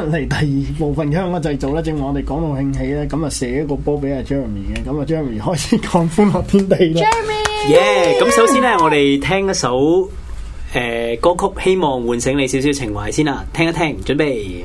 嚟第二部分香港製造咧，正話我哋講到興起咧，咁啊射一個波俾阿 Jeremy 嘅，咁啊 Jeremy 開始講歡樂天地啦。Jeremy，耶！咁首先呢，我哋聽一首誒歌曲，希望喚醒你少少情懷先啦，聽一聽，準備。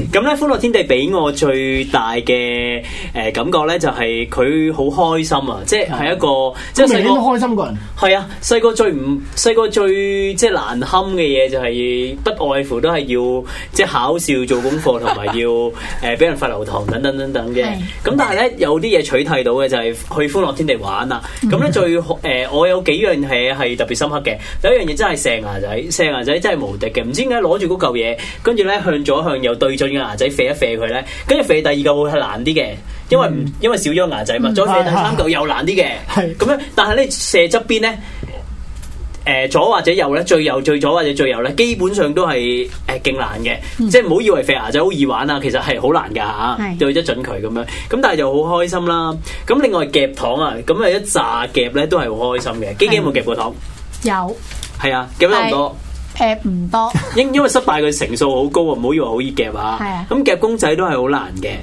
咁咧，歡樂天地俾我最大嘅誒、呃、感覺咧，就係佢好開心啊！即係係一個即係細個開心個人。係啊，細個最唔細個最即係難堪嘅嘢，就係不外乎都係要即係考試做功課同埋要誒俾人罰留堂等等等等嘅。咁 但係咧，有啲嘢取替到嘅就係、是、去歡樂天地玩啊咁咧最誒、呃、我有幾樣嘢係特別深刻嘅。有一樣嘢真係石牙仔，石牙仔真係無敵嘅。唔知點解攞住嗰嚿嘢，跟住咧向左向右對進。 牙仔射一射佢咧，跟住射第二嚿會係難啲嘅，因為因為少咗牙仔嘛，再射第三嚿又難啲嘅，係咁樣。但係咧，射側邊咧，誒、呃、左或者右咧，最右最左或者最右咧，基本上都係誒勁難嘅，嗯、即係唔好以為射牙仔好易玩啊，其實係好難噶吓，對得是、啊、準佢咁樣。咁但係又好開心啦。咁另外夾糖啊，咁啊一炸夾咧都係好開心嘅。基基有冇夾過糖？有。係啊，夾得唔多？誒唔多，因因為失敗嘅成數好高啊，唔好以為好易夾嚇。係啊。咁的夾公仔都係好難嘅。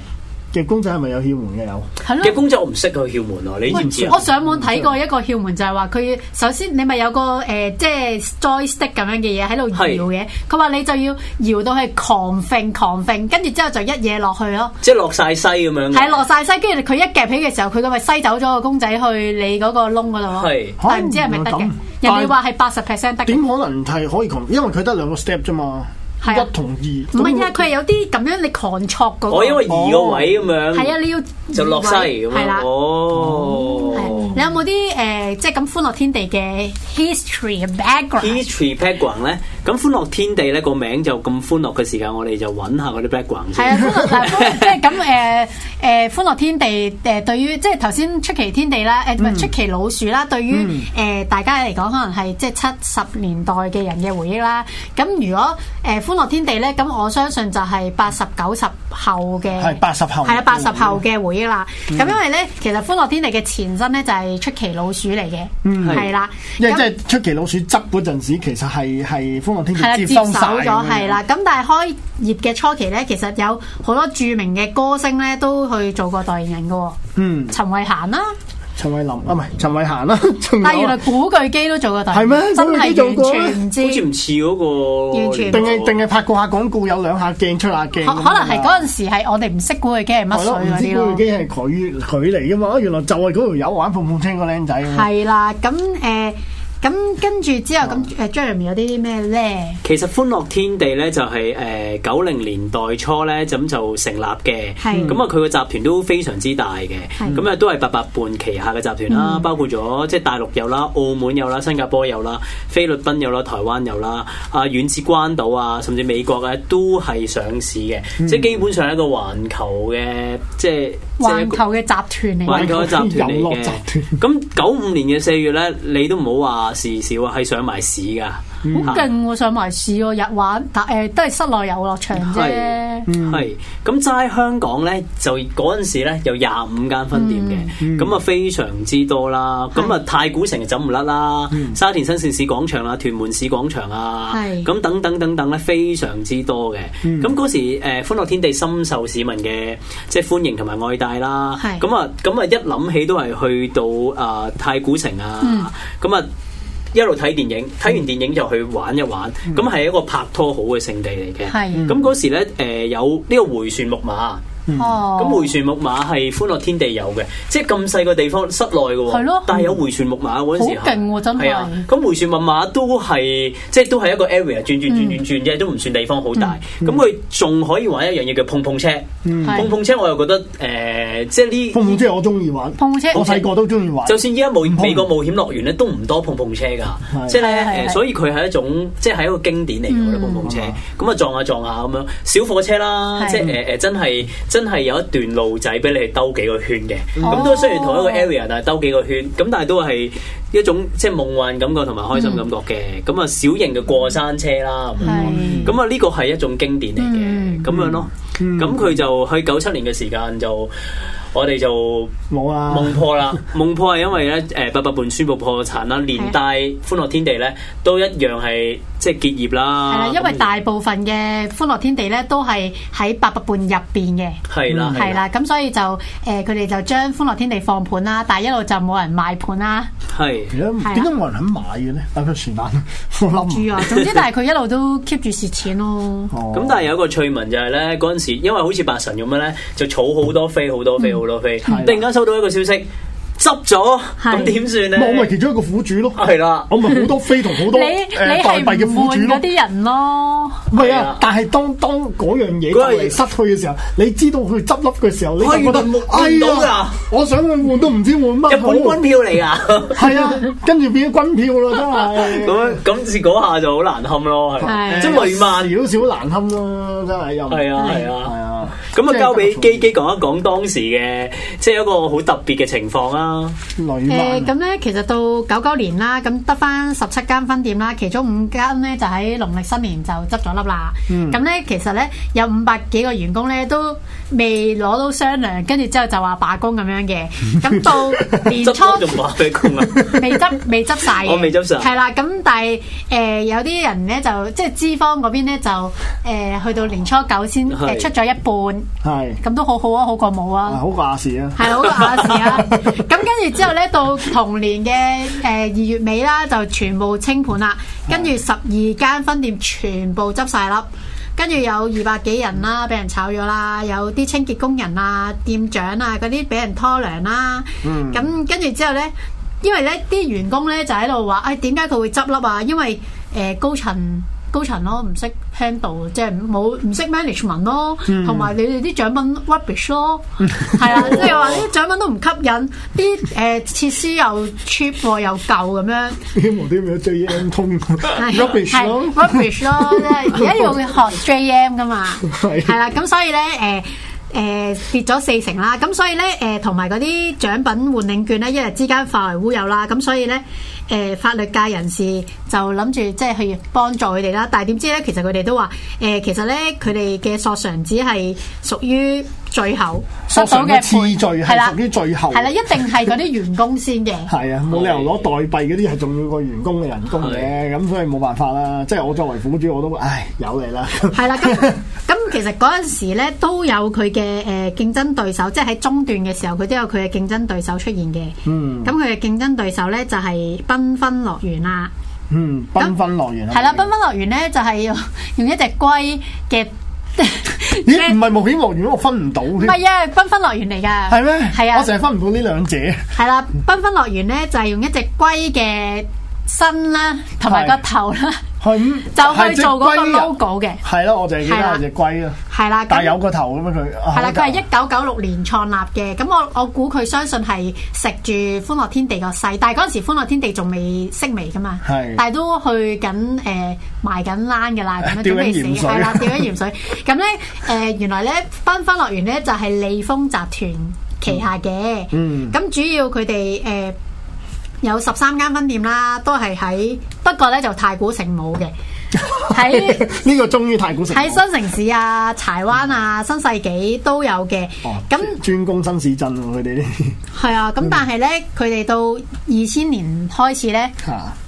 夾公仔係咪有竅門嘅有？夾的公仔我唔識佢竅門哦、啊，你知唔知？我上網睇過一個竅門就，就係話佢首先你咪有個誒、呃、即係 joystick 咁樣嘅嘢喺度搖嘅，佢話的你就要搖到去狂揈狂揈，跟住之後就一嘢落去咯，即係落晒西咁樣。係落晒西，跟住佢一夾起嘅時候，佢咪西走咗個公仔去你嗰個窿嗰度咯。係的，但係唔知係咪得嘅？是人哋話係八十 percent 得，點可，可能係可以狂？因為佢得兩個 step 啫嘛。係不同意，唔係啊！佢係有啲咁樣你強挫嗰個，我因為二個位咁樣，係啊，你要就落西咁啊！哦，你有冇啲誒即係咁歡樂天地嘅 history background？history background 呢，咁歡樂天地呢個名就咁歡樂嘅時間，我哋就揾下嗰啲 background 先。係啊，歡樂即係咁誒誒歡樂天地誒對於即係頭先出奇天地啦誒出奇老鼠啦，對於誒大家嚟講可能係即係七十年代嘅人嘅回憶啦。咁如果誒。歡樂天地咧，咁我相信就係八十九十後嘅，係八十後，係啊八十後嘅回憶啦。咁、嗯、因為咧，其實歡樂天地嘅前身咧就係出奇老鼠嚟嘅，係啦。因為那即係出奇老鼠執嗰陣時，其實係係歡樂天地接，接手咗，係啦。咁但係開業嘅初期咧，其實有好多著名嘅歌星咧都去做過代言人㗎，嗯，陳慧嫻啦。陳偉林啊，唔係陳偉行啦，陳偉但係原來古巨基都做過底，係咩嗎？真係的做過，完全唔知，好似唔似嗰個，完全定係定係拍過下廣告，有兩下鏡出下鏡。可能係嗰陣時係我哋唔識古巨基係乜水嗰啲咯。唔知道古巨基係佢佢嚟噶嘛。原來就係嗰條友玩碰碰車個僆仔。係啦，咁、呃、誒。咁跟住之後咁 Jeremy 有啲咩咧？其實歡樂天地咧就係誒九零年代初咧咁就成立嘅。係是。咁啊，佢個集團都非常之大嘅。咁啊是，都係八佰伴旗下嘅集團啦，是包括咗即係大陸有啦、澳門有啦、新加坡有啦、菲律賓有啦、台灣有啦，啊，遠至關島啊，甚至美國咧都係上市嘅。嗯、即係基本上係一個環球嘅即係環球嘅集團嚟嘅。環球集團嚟嘅。咁九五年嘅四月咧， 你都唔好話。事少係上埋市噶，好勁喎！上埋市喎，日玩誒都係室內遊樂場啫。係咁，齋香港咧就嗰陣時咧有廿五間分店嘅，咁啊非常之多啦。咁啊太古城就走唔甩啦，沙田新城市廣場啦，屯門市廣場啊，咁等等等等咧，非常之多嘅。咁嗰時誒歡樂天地深受市民嘅即係歡迎同埋愛戴啦。咁啊咁啊一諗起都係去到啊太古城啊，咁啊。一路睇電影，睇完電影就去玩一玩，咁係、嗯、一個拍拖好嘅聖地嚟嘅。咁嗰時咧，誒、呃、有呢個回旋木馬。哦，咁回旋木馬係歡樂天地有嘅，即係咁細個地方，室內嘅喎。係咯，但係有回旋木馬嗰陣時，好勁喎，真係。咁回旋木馬都係，即係都係一個 area，轉轉轉轉轉啫，都唔算地方好大。咁佢仲可以玩一樣嘢叫碰碰車。碰碰車我又覺得誒，即係呢碰碰車我中意玩。碰碰車，我細個都中意玩。就算依家冒美國冒險樂園咧，都唔多碰碰車㗎，即係咧，所以佢係一種即係係一個經典嚟嘅碰碰車。咁啊撞下撞下咁樣，小火車啦，即係誒誒真係。真係有一段路仔俾你兜幾個圈嘅，咁都、哦、雖然同一個 area，但係兜幾個圈，咁但係都係一種即係夢幻感覺同埋開心感覺嘅，咁啊、嗯、小型嘅過山車啦，咁啊呢個係一種經典嚟嘅，咁、嗯、樣咯，咁、嗯、佢、嗯、就去九七年嘅時間就我哋就冇啦，夢沒、啊、破啦，夢破係因為咧誒八佰伴宣布破產啦，連帶歡樂天地咧都一樣係。即係結業啦。係啦，因為大部分嘅歡樂天地咧，都係喺八百半入邊嘅。係啦，係啦，咁所以就誒，佢、呃、哋就將歡樂天地放盤啦，但係一路就冇人買盤啦。係的，點解冇人肯買嘅咧？大概全晚都冧住啊。總之，但係佢一路都 keep 住蝕錢咯。咁、 哦、但係有一個趣聞就係、是、咧，嗰陣時因為好似八神咁樣咧，就儲好多飛，好多飛，好多飛。突然間收到一個消息。執咗咁點算咧？我咪其中一個苦主咯，係啦，我咪好多飛同好多你你，係唔換嗰啲人咯？唔係啊，但係當當嗰樣嘢，嚟失去嘅時候，你知道佢執笠嘅時候，你覺得哎呀，我想去換都唔知換乜？日本軍票嚟啊，係啊，跟住變咗軍票啦，真係咁咁，至嗰下就好難堪咯，真係雷曼好難堪咯，真係啊，係啊，係啊。咁啊，就交俾璣璣講一講當時嘅，即係一個好特別嘅情況啦。誒、呃，咁咧其實到九九年啦，咁得翻十七間分店啦，其中五間咧就喺農曆新年就執咗笠啦。咁咧、嗯、其實咧有五百幾個員工咧都未攞到商量，跟住之後就話罷工咁樣嘅。咁到年初就罷工啊！未執未執晒。我未執晒。係啦，咁但係誒有啲人咧就即係資方嗰邊咧就誒去到年初九先出咗一半。 係咁、 嗯、都好好啊，好過冇啊、嗯，好過亞視啊，係好過亞視啊。咁跟住之後咧，到同年嘅誒二月尾啦，就全部清盤啦。跟住十二間分店全部執晒笠，跟住有二百幾人啦，俾人炒咗啦。有啲清潔工人啊、店長啊嗰啲俾人拖糧啦。嗯，咁跟住之後咧，因為咧啲員工咧就喺度話，誒、呃，點解佢會執笠啊？因為誒高層。高層咯，唔識 handle，即係冇唔識 management 咯，同埋、嗯、你哋啲獎品 rubbish 咯，係 啊，即係話啲獎品都唔吸引，啲誒設施又 cheap 又舊咁樣。希望啲咩 J M 通，rubbish 咯，rubbish 咯，即係而家要學 J M 噶嘛，係啦、 啊，咁所以咧誒。呃誒、呃，跌咗四成啦，咁所以咧，誒、呃，同埋嗰啲獎品換領券咧，一日之間化為烏有啦，咁所以咧，誒、呃，法律界人士就諗住即係去幫助佢哋啦，但係點知咧，其實佢哋都話，誒、呃，其實咧，佢哋嘅索償只係屬於最後，索償嘅次序係屬於最後，係啦， 一定係嗰啲員工先嘅，係啊， 冇理由攞代幣嗰啲係仲要過員工嘅人工嘅，咁 的所以冇辦法啦，即係我作為苦主，我都唉有你啦，係啦，咁。其實嗰陣時咧都有佢嘅，誒競爭對手，即係喺中段嘅時候，佢都有佢嘅競爭對手出現嘅。嗯，咁佢嘅競爭對手咧就係繽紛樂園啦。嗯，繽紛樂園係啦，繽紛樂園咧就係用，用一隻龜嘅。 咦？唔係冒險樂園，我分唔到添。唔係啊，繽紛樂園嚟噶。係咩嗎？係啊。我成日分唔到呢兩者。係 啦、啊，繽紛樂園咧就係用一隻龜嘅。身啦，同埋個頭咧，是 就去做嗰個 logo 嘅，係咯、啊啊，我就係幾大隻龜咯，係啦、啊。但有個頭咁樣佢，係啦、啊。佢一九九六年創立嘅，咁我我估佢相信係食住歡樂天地個勢，但係嗰陣時歡樂天地仲未息微噶嘛，係、啊。但係都去緊誒埋緊欄嘅啦，咁樣點未死？係啦，掉咗鹽水。咁咧誒，原來咧繽紛樂園咧就係利豐集團旗下嘅、呃呃，嗯。咁主要佢哋誒。有十三間分店啦，都係喺，不過咧就太古城冇嘅。喺呢 個終於太古城喺新城市啊、柴灣啊、新世紀都有嘅。咁專、哦、那攻新市鎮，佢哋係啊。咁、啊、但係咧，佢哋 到二千年開始咧，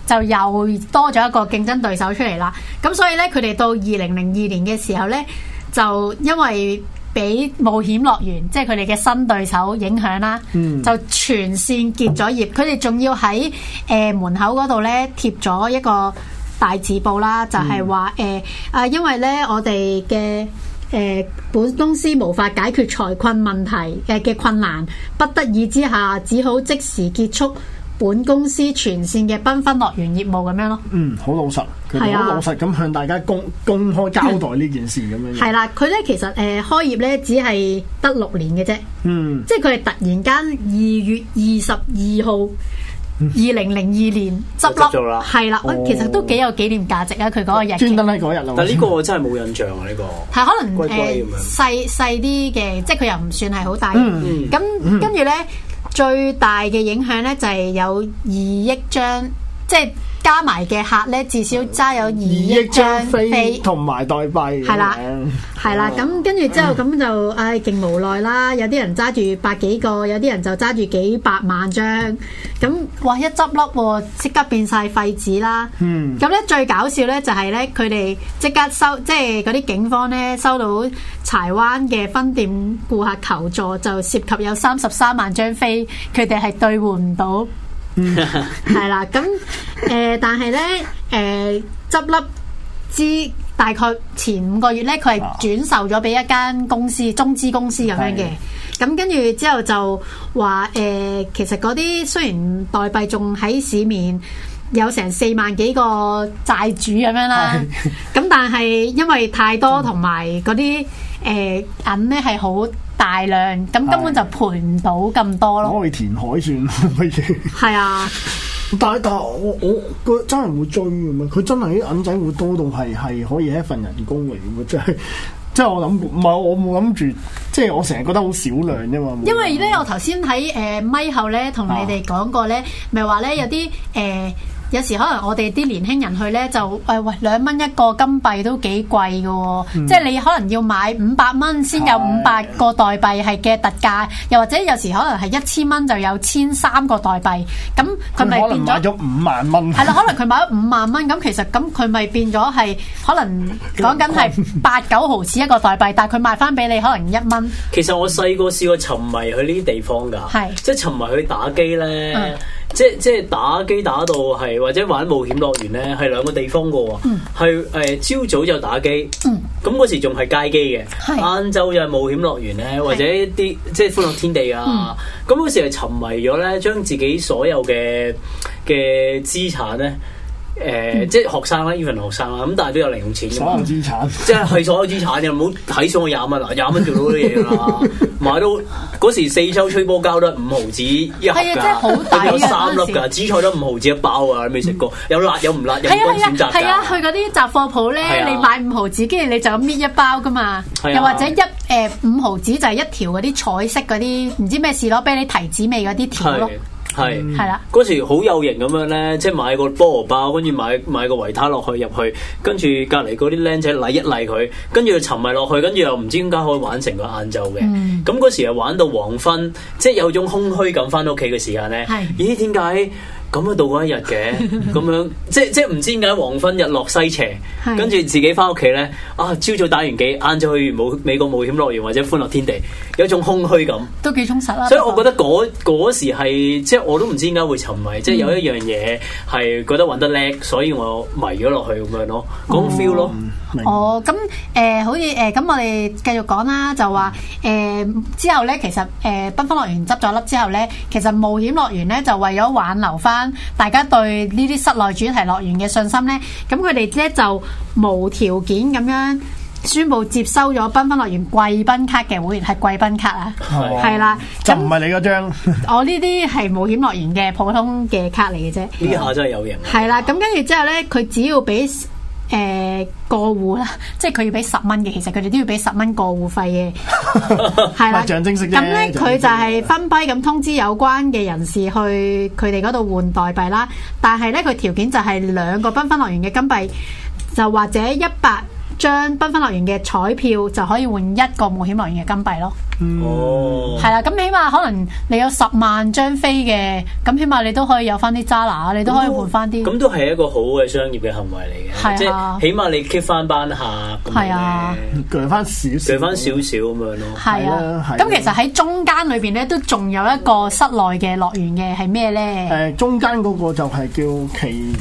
就又多咗一個競爭對手出嚟啦。咁所以咧，佢哋到二零零二年嘅時候咧，就因為。俾冒險樂園，即係佢哋嘅新對手影響啦，嗯、就全線結咗業。佢哋仲要喺誒、呃、門口嗰度咧貼咗一個大字報啦，就係話誒啊，因為咧我哋嘅誒本公司無法解決財困問題嘅嘅困難，不得已之下只好即時結束，本公司全線嘅繽紛樂園業務咁樣咯，嗯，好老實，佢好老實咁向大家公公開交代呢件事咁樣。係啦，佢咧其實誒開業咧只係得六年嘅啫，嗯，即係佢係突然間二月二十二號，二零零二年執笠咗啦，係啦，其實都幾有紀念價值啊！佢嗰個日，專登喺嗰日啊！但呢個真係冇印象啊！呢個係可能誒細細啲嘅，即係佢又唔算係好大，咁跟住咧。最大嘅影響咧，就係、是、有二億張，即係。加埋嘅客咧，至少揸有二億張飛同埋 代幣。係啦，係啦，咁 跟住之後咁就唉勁、哎、無奈啦！有啲人揸住百幾個，有啲人就揸住幾百萬張。咁哇一執笠喎，即刻變晒廢紙啦！嗯，咁 咧最搞笑咧就係咧，佢哋即刻收，即係嗰啲警方咧收到柴灣嘅分店顧客求助，就涉及有三十三萬張飛，佢哋係兌換唔到。 嗯，係啦，咁、呃、誒，但係咧，誒，執笠資大概前五個月咧，佢係轉售咗俾一間公司，中資公司咁樣嘅，咁的跟住之後就話誒、呃，其實嗰啲雖然代幣仲喺市面，有成四萬幾個債主咁樣啦，咁的但係因為太多同埋嗰啲誒，銀咧係好。呃大量咁根本就賠唔到咁多咯，我去填海算乜嘢？係 啊，但係但係我我個真係唔會追嘅咩？佢真係啲銀仔會多到係係可以係一份人工嚟嘅，即係即係我諗唔係我冇諗住，即係我成日覺得好少量啫嘛。因為咧，我頭先喺誒咪後咧同你哋講過咧，咪話咧、啊、有啲誒。呃有時可能我哋啲年輕人去咧就誒喂，喂兩蚊一個金幣都幾貴嘅喎，哦，嗯、即係你可能要買五百蚊先有五百個代幣係嘅特價，的又或者有時可能係一千蚊就有千三個代幣，咁佢咪變咗？可能買咗五萬蚊係啦，可能佢買咗五萬蚊，咁其實咁佢咪變咗係可能講緊係八九毫子一個代幣，但係佢賣翻俾你可能一蚊。其實我細個試過沉迷去呢啲地方㗎，係的即係沉迷去打機咧。嗯即係即係打機打到係或者玩冒險樂園咧係兩個地方噶，係誒朝早就打機，咁嗰、嗯、時仲係街機嘅，晏晝又係冒險樂園咧或者啲即係歡樂天地啊，咁嗰、嗯、時係沉迷咗咧，將自己所有嘅嘅資產咧。誒、呃，即係學生啦，even 學生啦，咁但係都有零用錢。所，即所有資產，即係所有資產你唔好睇少我廿蚊啦，廿蚊做到好多嘢啦，嘛，買到嗰時四周吹波膠得五毫子一盒，都的有三粒㗎，時紫菜都五毫子一包啊，你未食過？有辣有唔辣，有好多選擇。係啊，去嗰啲雜貨鋪咧，的你買五毫子，跟住你就咁搣一包㗎嘛，又的的或者一誒、呃、五毫子就係一條嗰啲彩色嗰啲唔知咩事攞俾你提子味嗰啲條咯。的係，係啦是，嗰、嗯、時好有型咁樣咧，即係買個菠蘿包，跟住買買個維他落去入去，跟住隔籬嗰啲僆仔嚟一嚟佢，跟住沉迷落去，跟住又唔知點解可以玩成個晏晝嘅，咁嗰、嗯、時又玩到黃昏，即係有種空虛咁，翻到屋企嘅時間咧，咦，點解？咁啊，樣度過一日嘅，咁樣即係即係唔知點解黃昏日落西斜，跟住是自己翻屋企咧，啊朝早打完機，晏晝去冒美國冒險樂園或者歡樂天地，有一種空虛感，都幾充實啦。所以我覺得嗰嗰時係即係我都唔知點解會沉迷，即係有一樣嘢係覺得玩得叻，所以我迷咗落去咁樣、那個、咯，嗰個 feel 咯。哦、嗯，咁誒、 嗯呃，好似誒，咁、呃、我哋繼續講啦，就話誒、呃、之後咧，其實誒，繽紛樂園執咗笠之後咧，其實冒險樂園咧就為咗挽留翻。嗯嗯嗯大家對呢啲室內主題樂園嘅信心呢，咁佢哋咧就無條件咁樣宣布接收咗繽紛樂園貴賓卡嘅會員係貴賓卡啊，係啦哇，的就唔係你嗰張，我呢啲係冒險樂園嘅普通嘅卡嚟嘅啫。呢下真係有型，係啦，咁跟住之後呢，佢只要俾。誒、呃、過戶啦，即係佢要俾十蚊嘅，其實佢哋都要俾十蚊過戶費嘅，係啦 的。咁咧佢就係分批咁通知有關嘅人士去佢哋嗰度換代幣啦，但係咧佢條件就係兩個繽紛樂園嘅金幣，就或者一百張繽紛樂園嘅彩票就可以換一個冒險樂園嘅金幣咯。嗯、哦，係啦，咁起碼可能你有十萬張飛嘅，咁、哦、的起碼你都可以有翻啲揸拿，你都可以換翻啲。咁都係一個好嘅商業嘅行為嚟嘅，即係起碼你 keep 翻班客。係啊，賺翻少少，賺翻少少咁樣咯。係啊，係。咁其實喺中間裏邊咧，都仲有一個室內嘅樂園嘅，係咩咧？誒、呃，中間嗰個就係叫奇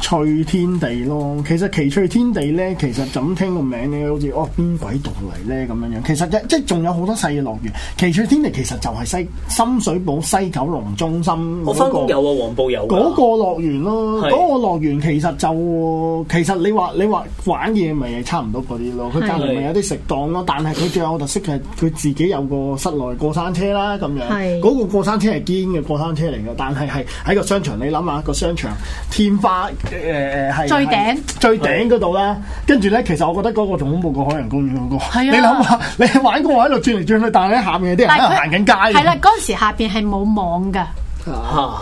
趣天地咯。其實奇趣天地咧，其實怎咁聽個名咧，好似哦邊鬼度嚟咧咁樣樣。其實嘅即係仲有好多細。樂園奇趣天地其實就係西深水埗西九龍中心嗰個，那個有啊，黃埔有嗰個樂園咯，嗰個樂園其實就其實你話你話玩嘢，咪差唔多嗰啲咯，佢隔籬咪有啲食檔咯，但係佢最有特色係佢自己有個室內過山車啦，咁樣嗰是個過山車係堅嘅過山車嚟嘅，但係係喺個商場，你諗下個商場天花誒誒係最頂頂最頂嗰度啦，跟住咧，其實我覺得嗰個仲恐怖過海洋公園嗰、那個，啊、 你諗下你玩過喺度轉嚟轉去。轉來轉來但係他咧，下邊有啲人都行緊街嘅。係啦，嗰陣時下邊係冇網噶，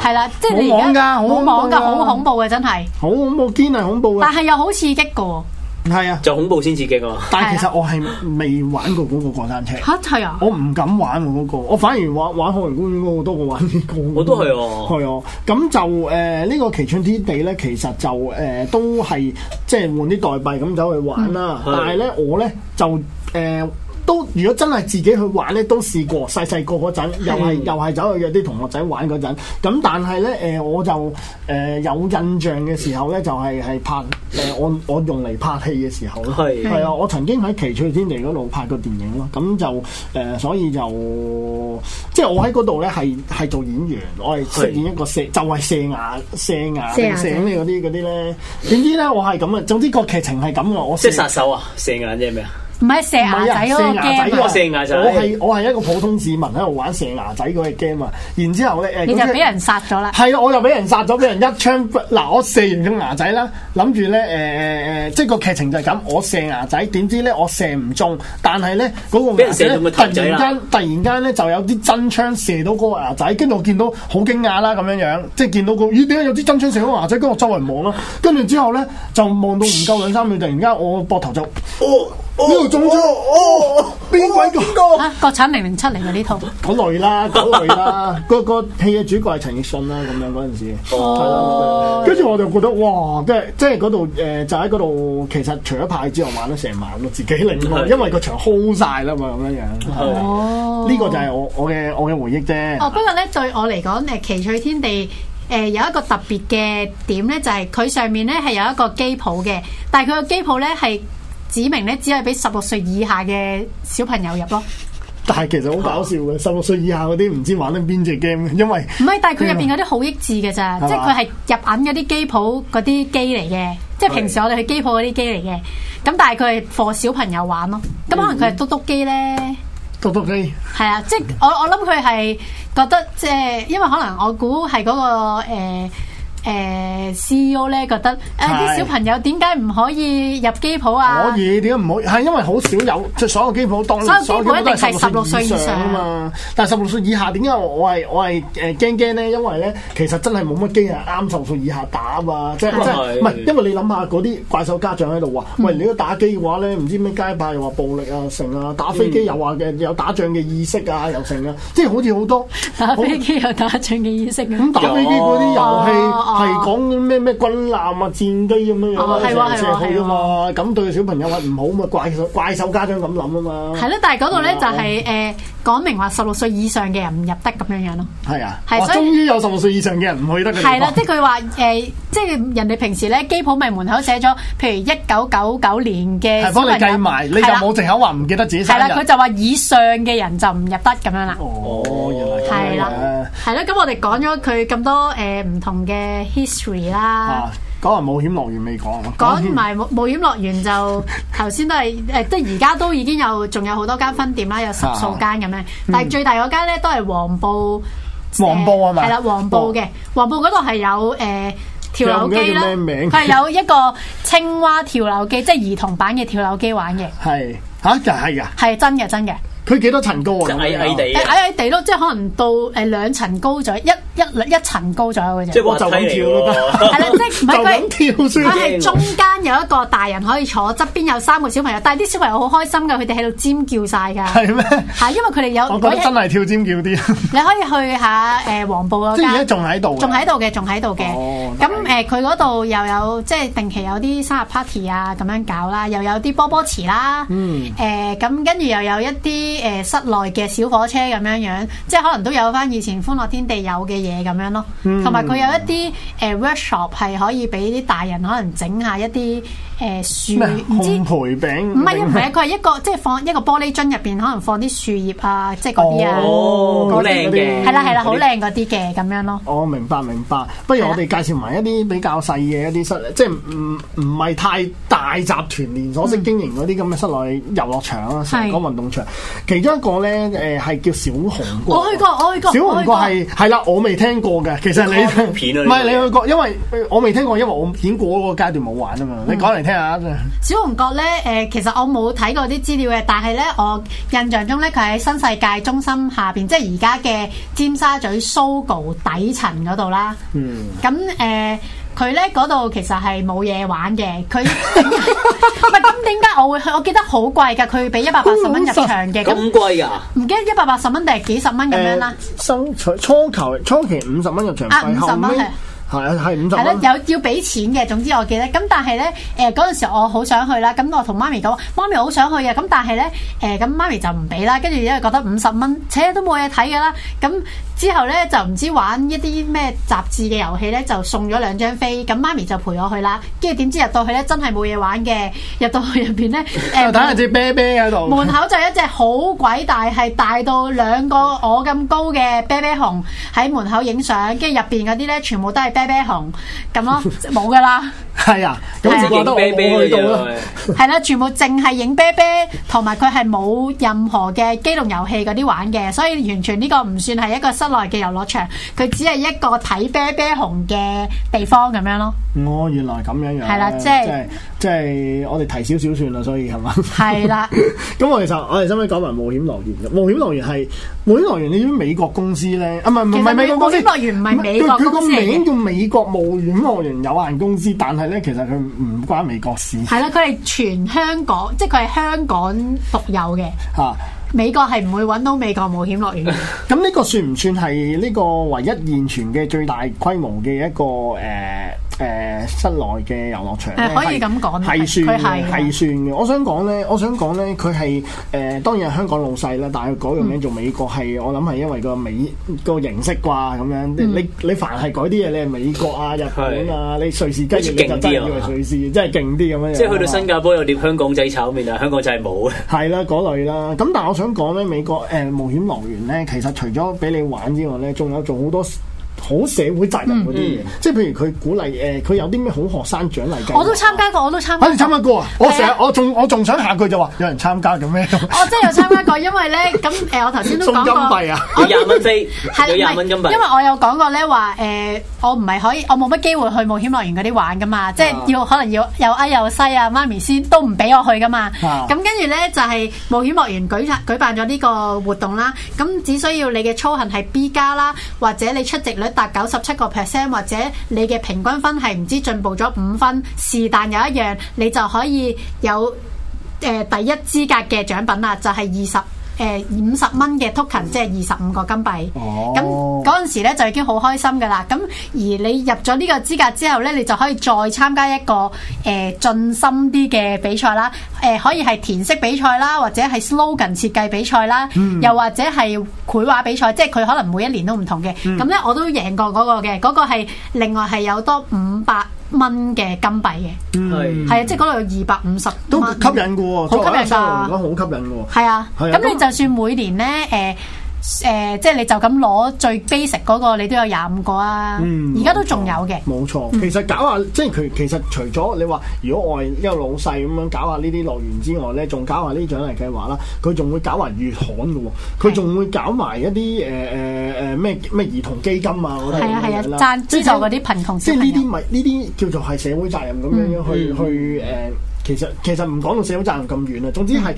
係啦，即係冇網噶，冇網噶，好恐怖嘅真係。好恐怖，堅係恐怖嘅。但係又好刺激個的。係啊，就恐怖先刺激個、啊。但係其實我係未玩過嗰個過山車。嚇係啊！我唔敢玩嗰、那個，我反而玩玩海洋公園嗰個多過玩呢個。我都係喎，係啊。咁就誒呢個奇趣天地咧，其實就誒、呃、都係即係換啲代幣咁走去玩啦。嗯、但係咧，我咧就誒。呃呃都如果真係自己去玩咧，都試過細細個嗰陣，又係又係走去約啲同學仔玩嗰陣。咁但係咧，誒、呃、我就誒、呃、有印象嘅時候咧，就係、是、係拍誒我、呃、我用嚟拍戲嘅時候咯。係啊的，我曾經喺奇趣天地嗰度拍過電影咯。咁就誒、呃，所以就即係我喺嗰度咧，係係做演員，我係飾演一個蛇，就係射眼、射眼射咩嗰啲嗰啲咧。點知咧，我係咁啊，總之個劇情係咁啊，我即係殺手啊，射眼即係咩啊？唔係射牙仔嗰個 game，我係我係一個普通市民喺度玩射牙仔嗰個 game 啊！然之後咧，誒，你就俾人殺咗啦。係啊、就係，我又俾人殺咗，俾人一槍。嗱，我射完咗牙仔啦，諗住咧，誒誒誒，即係個劇情就係咁，我射牙仔，點知咧我射唔中，但係咧嗰個，突然間突然間咧就有啲真槍射到嗰個牙仔，跟住我見到好驚訝啦咁樣樣，即係見到、個咦點解有啲真槍射到個牙仔？跟住我周圍望啦，跟住之後咧就望到唔夠兩三秒，突然間我個膊頭就 oh, oh. 咗哦！邊鬼咁多？國產零零七嚟㗎呢套。好類啦，好類啦。個 個戲嘅主角係陳奕迅啦、啊，咁樣嗰陣時。哦。跟住我就覺得，哇！即係即係嗰度誒，就喺嗰度。其實除咗派之外，玩咗成晚咯，自己嚟㗎、啊。因為個場空晒啦嘛，咁樣樣。哦。呢、這個就係我我嘅我嘅回憶啫。哦，不過咧對我嚟講，誒奇趣天地誒有一個特別嘅點咧，就係、是、佢上面咧係有一個機鋪嘅，但係佢個機鋪咧係。指明咧，只係俾十六歲以下嘅小朋友入咯。但係其實好搞笑嘅，十六歲以下嗰啲唔知玩緊邊隻 game，因為唔係，但係佢入邊嗰啲好益智嘅咋，即係佢係入銀嗰啲機鋪嗰啲機嚟嘅，即係平時我哋去機鋪嗰啲機嚟嘅。咁但係佢係 for 小朋友玩咯，咁可能佢係嘟嘟機咧，嘟嘟機係啊，即係我我諗佢係覺得即係，因為可能我估係嗰個誒。誒 CEO 咧覺得誒啲小朋友點解唔可以入機鋪啊？可以點解唔可以？係因為好少有即係所有機鋪當所有機鋪一定係十六歲以上啊嘛！但係十六歲以下點解我係我係誒驚驚咧？因為咧其實真係冇乜機係啱十六歲以下打啊！即係即係唔係？因為你諗下嗰啲怪獸家長喺度話：喂，你如果打機嘅話咧，唔知咩街霸又話暴力啊成啊，打飛機又話嘅有打仗嘅意識啊又成啊！即係好似好多打飛機有打仗嘅意識咁打飛機嗰啲遊戲。係講咩咩軍艦啊、戰機咁樣樣啊，即係佢啊嘛，咁對小朋友話唔好嘛，怪怪獸家長咁諗啊嘛。係咯，但係嗰度咧就係誒講明話十六歲以上嘅人唔入得咁樣樣咯。係啊，終於有十六歲以上嘅人唔去得嘅。係啦，即係佢話誒，即係人哋平時咧機鋪咪門口寫咗，譬如一九九九年嘅小朋友。係幫你計埋，你就冇借口話唔記得自己生日。係啦，佢就話以上嘅人就唔入得咁樣啦。哦，原來係啦。係啦，係咯，咁我哋講咗佢咁多誒唔同嘅。History 啦、啊，嗰個冒險樂園未講，講埋冒冒險樂園就頭先 都係誒，即係而家都已經有，仲有好多間分店啦，有十數間咁樣。啊嗯、但係最大嗰間咧都係黃埔，黃埔啊嘛，係、呃、啦，黃埔嘅黃埔嗰度係有誒、呃、跳樓機啦，咩名？係有一個青蛙跳樓機，呵呵即係兒童版嘅跳樓機玩嘅，係嚇就係噶，係真嘅真嘅。佢幾多層高啊？矮矮地，矮矮地咯，即係可能到誒兩層高咗，一一一層高左右嘅啫。即係我就咁跳都係啦，即係唔係佢係中間有一個大人可以坐，側邊有三個小朋友，但係啲小朋友好開心㗎，佢哋喺度尖叫晒㗎。係咩？嚇！因為佢哋有我覺得真係跳尖叫啲。你可以去下誒黃埔嗰間。即係而家仲喺度。仲喺度嘅，仲喺度嘅。咁誒，佢嗰度又有即係定期有啲生日 party 啊，咁樣搞啦，又有啲波波池啦。嗯。誒，咁跟住又有一啲。誒室內嘅小火車咁樣樣，即係可能都有翻以前歡樂天地有嘅嘢咁樣咯，同埋佢有一啲誒 workshop 係可以俾啲大人可能整下一啲。.誒樹唔知烘焙餅？唔係唔係佢係一個即係放一個玻璃樽入邊可能放啲樹葉啊，即係嗰啲啊，哦，好靚啲，係啦係啦好靚嗰啲嘅咁樣咯。我明白明白，不如我哋介紹埋一啲比較細嘅一啲室，即係唔唔係太大集團連鎖式經營嗰啲咁嘅室內遊樂場啊，成個運動場。其中一個咧誒係叫小紅國，我去過我去過小紅國係係啦，我未聽過嘅。其實你唔係你去過，因為我未聽過，因為我已經過嗰個階段冇玩啊嘛。你講嚟。聽下小紅角咧，誒，其實我冇睇過啲資料嘅，但係咧，我印象中咧，佢喺新世界中心下邊，即係而家嘅尖沙咀 Sogo 底層嗰度啦。嗯。咁、呃、誒，佢咧嗰度其實係冇嘢玩嘅。佢唔係點解我會去？我記得好貴噶，佢俾一百八十蚊入場嘅。咁貴、嗯、啊！唔記得一百八十蚊定係幾十蚊咁樣啦。新、欸、初初初期五十蚊入場五十蚊？屘、啊。係啊，係五十蚊。有要俾錢嘅，總之我記得。咁但係咧，誒，嗰陣時我好想去啦。咁我同媽咪講，「媽咪好想去啊！」咁但係咧，誒咁媽咪就唔俾啦。跟住因為覺得五十蚊，且、呃、都冇嘢睇嘅啦。咁。之後咧就唔知玩一啲咩雜誌嘅遊戲咧，就送咗兩張飛，咁媽咪就陪我去啦。跟住點知入到去咧，真係冇嘢玩嘅。入到去入邊咧，誒、呃，等下隻啤啤喺度。門口就係一隻好鬼大，係 大到兩個我咁高嘅啤啤熊喺門口影相，跟住入邊嗰啲咧全部都係啤啤熊咁咯，冇噶啦。係啊，咁好似影啤啤到咯。係啦，全部淨係影啤啤，同埋佢係冇任何嘅機動遊戲嗰啲玩嘅，所以完全呢個唔算係一個室內嘅遊樂場，佢只係一個睇啤啤熊嘅地方咁樣咯。哦，原來咁樣樣。係啦，即係即係我哋提少少算啦，所以係嘛。係啦 的，咁 我其實我哋先可以講埋冒險樂園。冒險樂園係冒險樂園呢啲美國公司咧，啊唔係唔係美國公司，冒險樂園唔係美國公司，佢個名叫美國冒險樂園有限公司，但係。咧，其實佢唔關美國事。係啦，佢係全香港，即係佢係香港獨有嘅。嚇、啊，美國係唔會揾到美國冒險樂園。咁呢個算唔算係呢個唯一現存嘅最大規模嘅一個誒？呃誒室內嘅遊樂場咧，可以咁講，係算係算嘅。我想講咧，我想講咧，佢係誒當然係香港老細啦，但係改個名做美國係，我諗係因為個美個形式啩咁樣。你你凡係改啲嘢，你係美國啊、日本啊，你瑞士雞翼你就真係以為瑞士，真係勁啲咁樣。即係去到新加坡有碟香港仔炒麪啊，香港仔冇啊。係啦，嗰類啦。咁但係我想講咧，美國誒冒險樂園咧，其實除咗俾你玩之外咧，仲有做好多。好社會責任嗰啲嘢，即係譬如佢鼓勵誒，佢、呃、有啲咩好學生獎勵金。我都參加過，我都參加。參加過啊！我成日，我仲我仲想下佢就話，有人參加咁咩？ 我真係有參加過，因為咧咁誒，我頭先都講過，我廿蚊飛，廿蚊金幣、啊。啊、 因為我有講過咧話誒，我唔係可以，我冇乜機會去冒險樂園嗰啲玩噶嘛，即係要可能要又 A、又西啊媽咪先都唔俾我去噶嘛。咁跟住咧就係、係、冒險樂園舉舉辦咗呢個活動啦，咁只需要你嘅操行係 B 加啦，或者你出席率。達九十七個 percent，或者你嘅平均分係唔知進步咗五分，是但有一樣，你就可以有誒、呃、第一資格嘅獎品啦，就係二十。誒五十蚊嘅 token 即係二十五個金幣，咁嗰陣時咧就已經好開心噶啦。咁而你入咗呢個資格之後咧，你就可以再參加一個誒、呃、進深啲嘅比賽啦。誒、呃、可以係填色比賽啦，或者係 slogan 設計比賽啦，mm. 又或者係繪畫比賽，即係佢可能每一年都唔同嘅。咁咧、mm. 我都贏過嗰個嘅，嗰、嗰個係另外係有多五百。蚊嘅金幣嘅，係、嗯，啊的，即係嗰度有二百五十，都吸引嘅喎，好吸引㗎，好吸引嘅喎，係啊，咁你就算每年咧誒。都呃誒、呃，即係你就咁攞最 basic 嗰個，你都有廿五個啊，而家、嗯、都仲有嘅。冇錯，錯嗯、其實搞下即係佢，其實除咗你話如果我，一個老細咁樣搞下呢啲樂園之外咧，仲搞下呢啲獎勵計劃啦。佢仲會搞埋月刊嘅，佢仲會搞埋一啲誒誒誒咩咩兒童基金啊嗰啲嘢啦。即係資助嗰啲貧窮。即係呢啲咪呢啲叫做係社會責任咁樣樣、嗯、去去誒，其實其實唔講到社會責任咁遠啊，總之係。嗯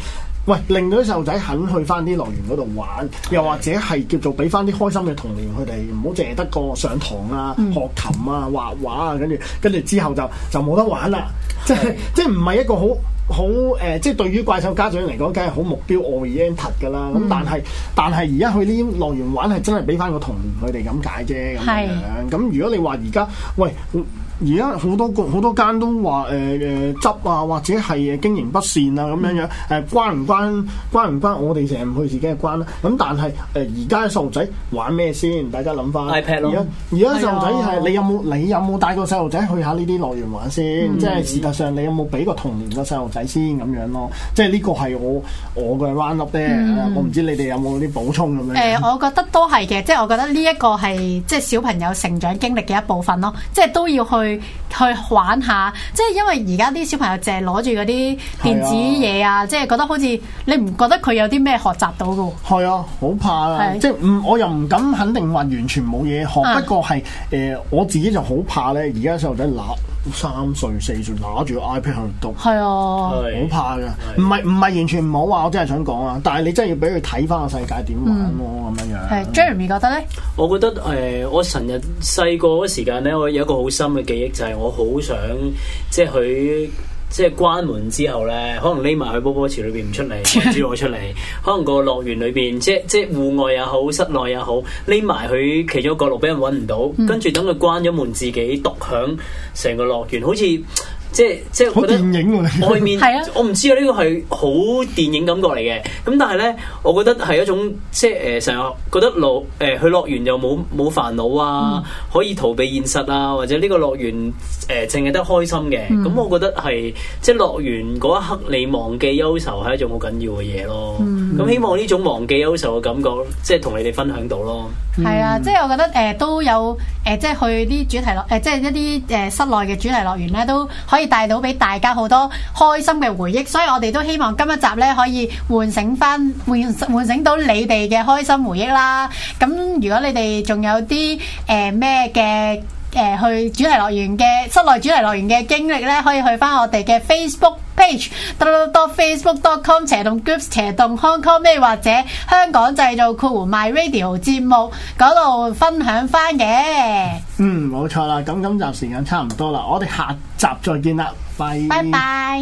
喂，令到啲細路仔肯去翻啲樂園嗰度玩，又或者係叫做俾翻啲開心嘅童年佢哋，唔好淨係得個上堂啊、學琴啊、畫畫啊，跟住跟住之後就就冇得玩啦、呃。即係即係唔係一個好好誒，即係對於怪獸家長嚟講，梗係好目標 orient 嘅啦。咁、嗯、但係但係而家去啲樂園玩係真係俾翻個童年佢哋咁解啫。咁樣咁如果你話而家喂。嗯而家好多個好多間都話誒誒執啊，或者係經營不善啊咁樣樣，誒、呃、關唔關關唔關我哋成日唔去自己嘅關咧？咁但係誒而家嘅細路仔玩咩先？大家諗翻。iPad 咯。而家而家細路仔係你有冇你有冇帶過細路仔去下呢啲樂園玩先？嗯、即係事實上你有冇俾個童年嘅細路仔先咁樣咯？即係呢個係我我嘅 round up 咧、嗯。我唔知你哋有冇啲補充咁樣、嗯。誒、 呃，我覺得都係嘅，即係我覺得呢一個係即係小朋友成長經歷嘅一部分咯，即、就、係、是、都要去。去去玩下，即係因為而家啲小朋友淨係攞住嗰啲電子嘢啊，啊即係覺得好似你唔覺得佢有啲咩學習到噶？係啊，好怕啊！啊即係唔，我又唔敢肯定話完全冇嘢學，不過係誒、呃，我自己就好怕咧，而家細路仔鬧。三歲四歲拿住 iPad 喺度讀，係啊，好怕噶，唔係唔係完全唔好話，我真係想講啊，但係你真係要俾佢睇翻個世界點玩咯，咁樣樣。係 Jeremy 覺得咧？我覺得誒、呃，我成日細個嗰時間咧，我有一個好深嘅記憶，就係、是、我好想即係佢。即係關門之後咧，可能匿埋去波波池裏邊唔出嚟，唔知我出嚟。可能個樂園裏邊，即係即係戶外也好，室內也好，匿埋去其中一個角落俾人搵唔到，跟住等佢關咗門，自己獨享成個樂園，好似。即係即係我覺得電影外面，係啊，我唔知啊！呢個係好電影感覺嚟嘅。咁但係咧，我覺得係一種即係誒成日覺得老誒去樂園又冇冇煩惱啊，可以逃避現實啊，或者呢個樂園誒淨係得開心嘅。咁我覺得係即係樂園嗰一刻你忘記憂愁係一種好緊要嘅嘢咯。咁、嗯、希望呢種忘記憂愁嘅感覺即係同你哋分享到咯。係啊、嗯，即係、嗯、我覺得誒都有誒即係去啲主題樂誒即係一啲誒室內嘅主題樂園咧，都可以。帶到俾大家好多開心嘅回憶，所以我哋都希望今一集呢可以喚醒翻，喚喚醒到你哋嘅開心回憶啦。咁如果你哋仲有啲誒咩嘅？呃誒、呃、去主題樂園嘅室內主題樂園嘅經歷咧，可以去翻我哋嘅 Facebook page dot dot Facebook dot com 邪洞 groups 邪洞 Hong Kong，或者香港製造括弧 My Radio 節目嗰度分享翻嘅。嗯，冇錯啦。咁今集時間差唔多啦，我哋下集再見啦，拜。拜拜。